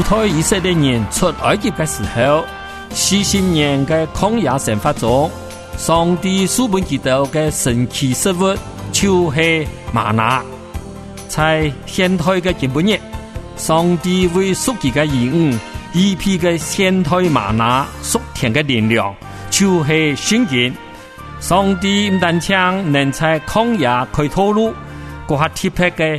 猶太以色列人出埃及的時候，四十年的曠野神法中，上帝書本之道的神奇食物就是嗎哪。在現代的幾百年，上帝為屬己的兒女一批的現代嗎哪所添的力量就是聖經。上帝唔但能在曠野開道路，佢還提拔嘅。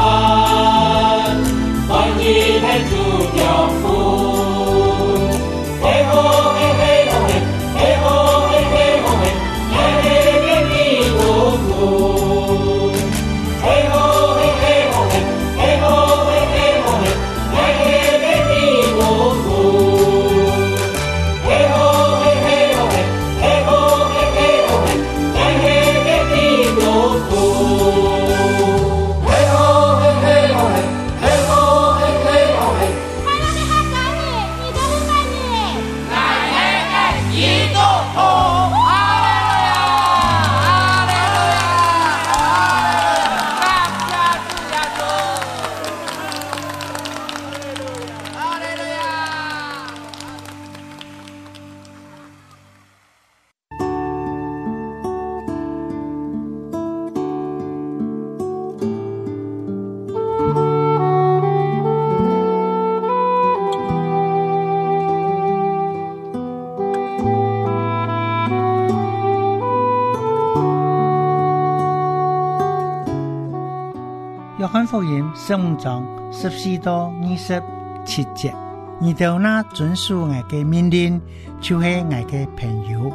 看福音十五章十四到二十七節，二頭那遵守我嘅命令，就是我嘅朋友。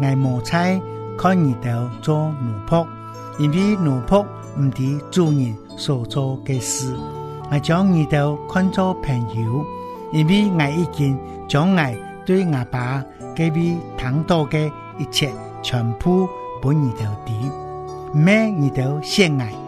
我謀財，看二頭做奴僕，因為奴僕唔止主人所做嘅事，我將二頭看做朋友，因為我已經，將我對阿爸給予太多嘅一切，全部畀二頭啲，咩二頭先愛。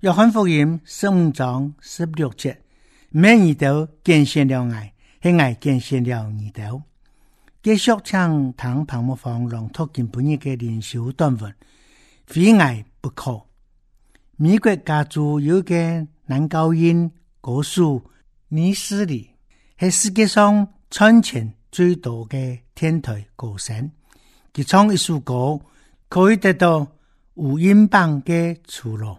約翰福音十五章十六節：每耳朵見先了愛，係愛見先了你朵。杰雪昌談泡沫芳，讓脱件本月嘅靈修短文，非愛不可。美國家族有個男高音歌手尼斯里，係世界上唱錢最多嘅天台歌神，佢唱一首歌可以得到的五英鎊嘅酬勞。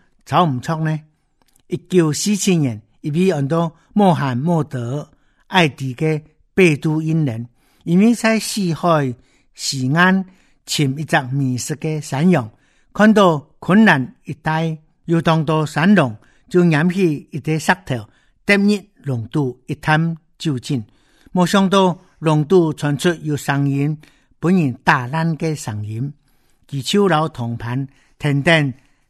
曹吳卓呢？一九四七年，一批印度穆罕默德愛迪嘅貝都因人，因為在死海西岸尋一隻迷失嘅山羊，看到困難一帶又當到山洞，就拈起一堆石頭，點熱洞肚一探究竟，沒想到洞肚傳出有聲音，本人打爛嘅聲音，而超老同伴停停。天天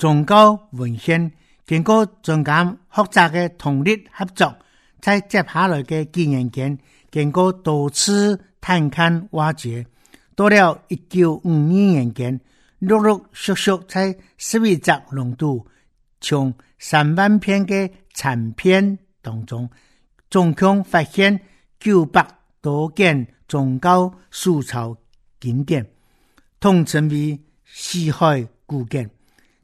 宗教文獻經過中間複雜嘅通力合作，在接下來嘅幾年間，經過多次探勘挖掘，到了一九五二年間，陸陸續續在十一座溶洞從三萬片嘅殘片當中，總共發現九百多件宗教手抄經典，統稱為死海古卷。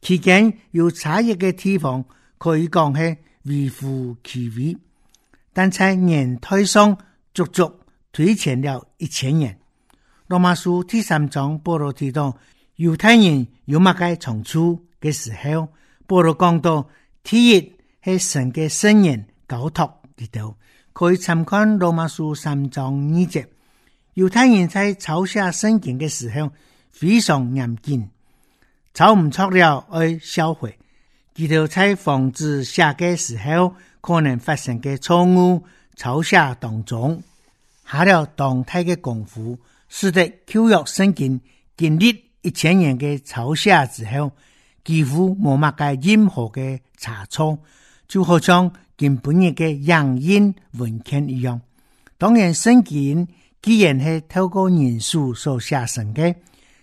期間有茶葉嘅地方，可以講係微乎其微，但在年代上足足推前了一千年。羅馬書第三章保羅提到猶太人有乜該長處嘅時候，保羅講到，第一係神嘅聖言交託到，可以參看羅馬書三章二節。猶太人在朝下聖經嘅時候，非常嚴謹。錯誤錯了而銷毀，旨在防止寫的時候可能發生嘅錯誤，抄寫當中，下了動態的功夫，使得舊約聖經經歷一千年的抄寫之後，幾乎冇麽個任何的差錯，就好像跟本年的陽印完全一樣。當然生，聖經既然係透過人數所寫成的。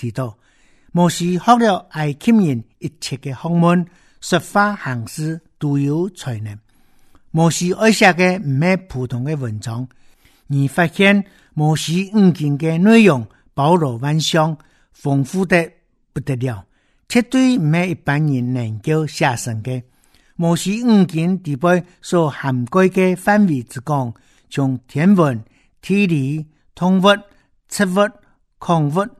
提到，摩西學了埃及人一切的學問、說話、行事都有才能。摩西寫下嘅唔係普通的文章，而發現摩西，五經的內容包羅萬象、豐富得不得了，絕對唔係一般人能夠寫成嘅。摩西五經裡背所涵蓋嘅範圍之廣，從天文、地理、動物、植物、礦物。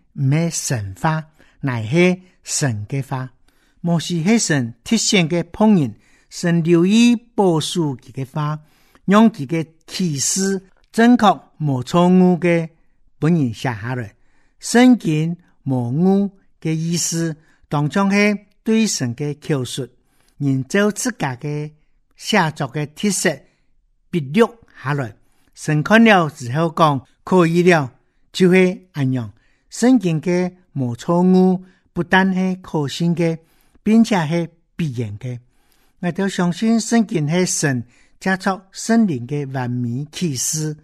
沒神話，乃係神嘅話；莫是係神體現嘅烹飪，神留意部署佢嘅話，用佢嘅氣息，正確無錯誤嘅本人寫下來。聖經無誤嘅意思，當中係對神嘅口述，按照自家嘅寫作嘅特色筆錄下來。神看了之後講可以了，就會安樣。聖經嘅冇錯誤，不單係可信嘅，並且係必然嘅。我哋相信聖經係神，加速生靈嘅完美啟示。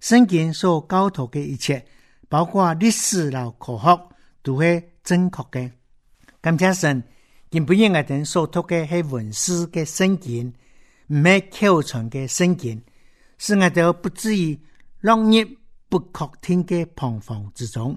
聖經所教導嘅一切，包括歷史、老科學，都係正確嘅。感謝神，根不應該等所託嘅係文字嘅聖經，唔係口傳嘅聖經，使我哋不至於落入不確定嘅彷徨之中。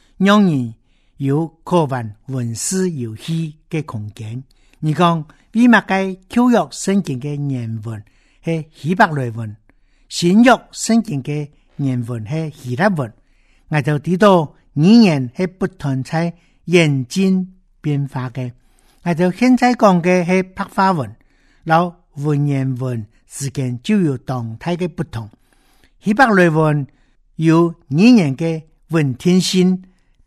讓你有可玩文字遊戲嘅空間。譬如，舊約聖經嘅原文係希伯來文，新約聖經嘅原文係希臘文。我哋都知道語言係不斷在演進變化嘅。我哋現在講嘅係白話文，有文言文，之間就有動態嘅不同。希伯來文有語言嘅文天性，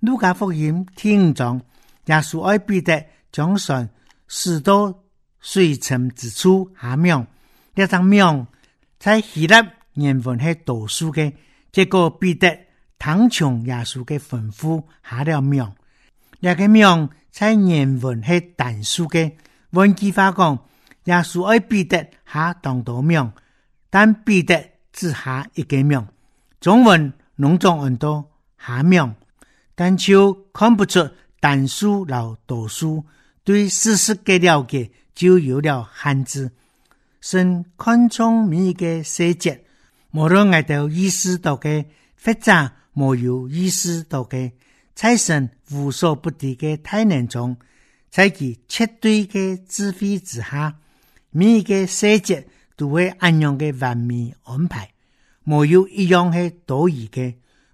路加福音第五章，耶穌愛彼得總算許多水深之處下網，一張網在希臘原文係多數嘅。結果彼得聽從耶穌嘅吩咐下了網，這個網在原文係單數嘅。換句話講，耶穌愛彼得下當多網，但彼得只下一個網。中文農重很多下網。”但就看不出但書和讀書佬讀書對事實嘅了解就有了限制，神看重每一個細節，無論達到意識到的發展，冇有意識到的產生無所不敵的太能裝，在其絕對的智慧之下，每一個細節都會按樣的完美安排，冇有一樣是多餘的。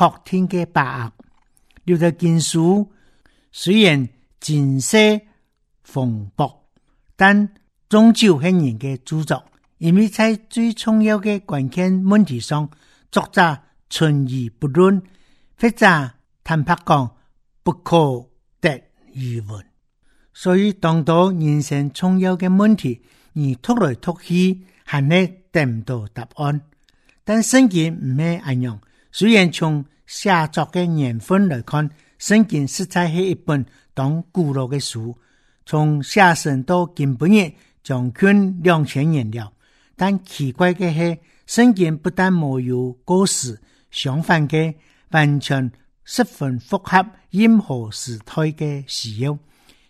破天嘅白額，廖在建書雖然前些蓬勃，但終究係人嘅著作，因為在最重要嘅關鍵問題上，作者存疑不論，或者坦白講不可得而聞。所以當到人生重要嘅問題而拖來拖去，還係得唔到答案，但聖經唔係一樣。雖然從寫作嘅年份來看，《聖經》實在係一本當古老嘅書，從寫成到今本日，將近兩千年了。但奇怪嘅係，《聖經》不但冇有過時，相反嘅，完全十分符合任何時代嘅需要，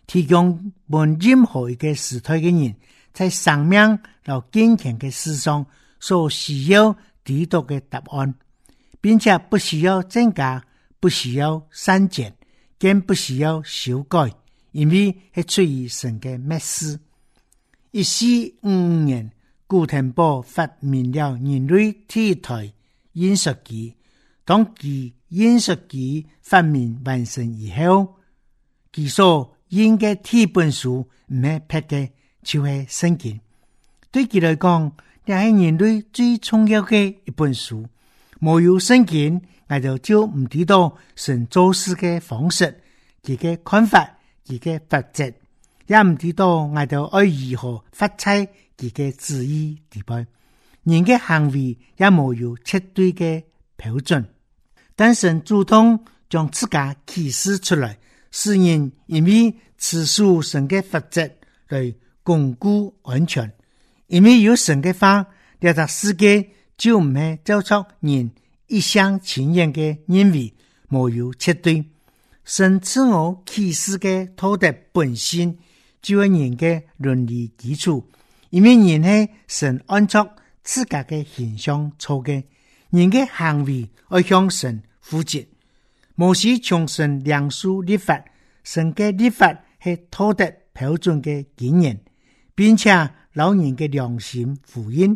提供無任何一個時代嘅人在生命到金錢嘅世上所需要知道嘅答案。並且不需要增加，不需要刪減，更不需要修改，因為還處於整的沒史。一四五年，古 u t 發明了人類第一台印刷機。當其印刷機發明完成以後，技術應該第一本書唔係別的，就係升級。對佢來講，這是人類最重要嘅一本書。冇有聖經，我就就唔知道神做事的方式、自個看法、自個法則，也不知道我哋愛如何發財、自個旨意點樣。人的行為也冇有絕對的標準，但神主動將自家啟示出來，使人因為持續神的法則來鞏固安全，因為有神的話，呢、這個世界。就唔係做出人一廂情願嘅認為，冇有絕對。神賜我啟示嘅道德本性，就係人嘅倫理基礎，因為人係神按照自家嘅形象造嘅，人嘅行為而向神負責。無需重生良俗立法，神嘅立法係道德標準嘅經驗，並且老人嘅良心福音。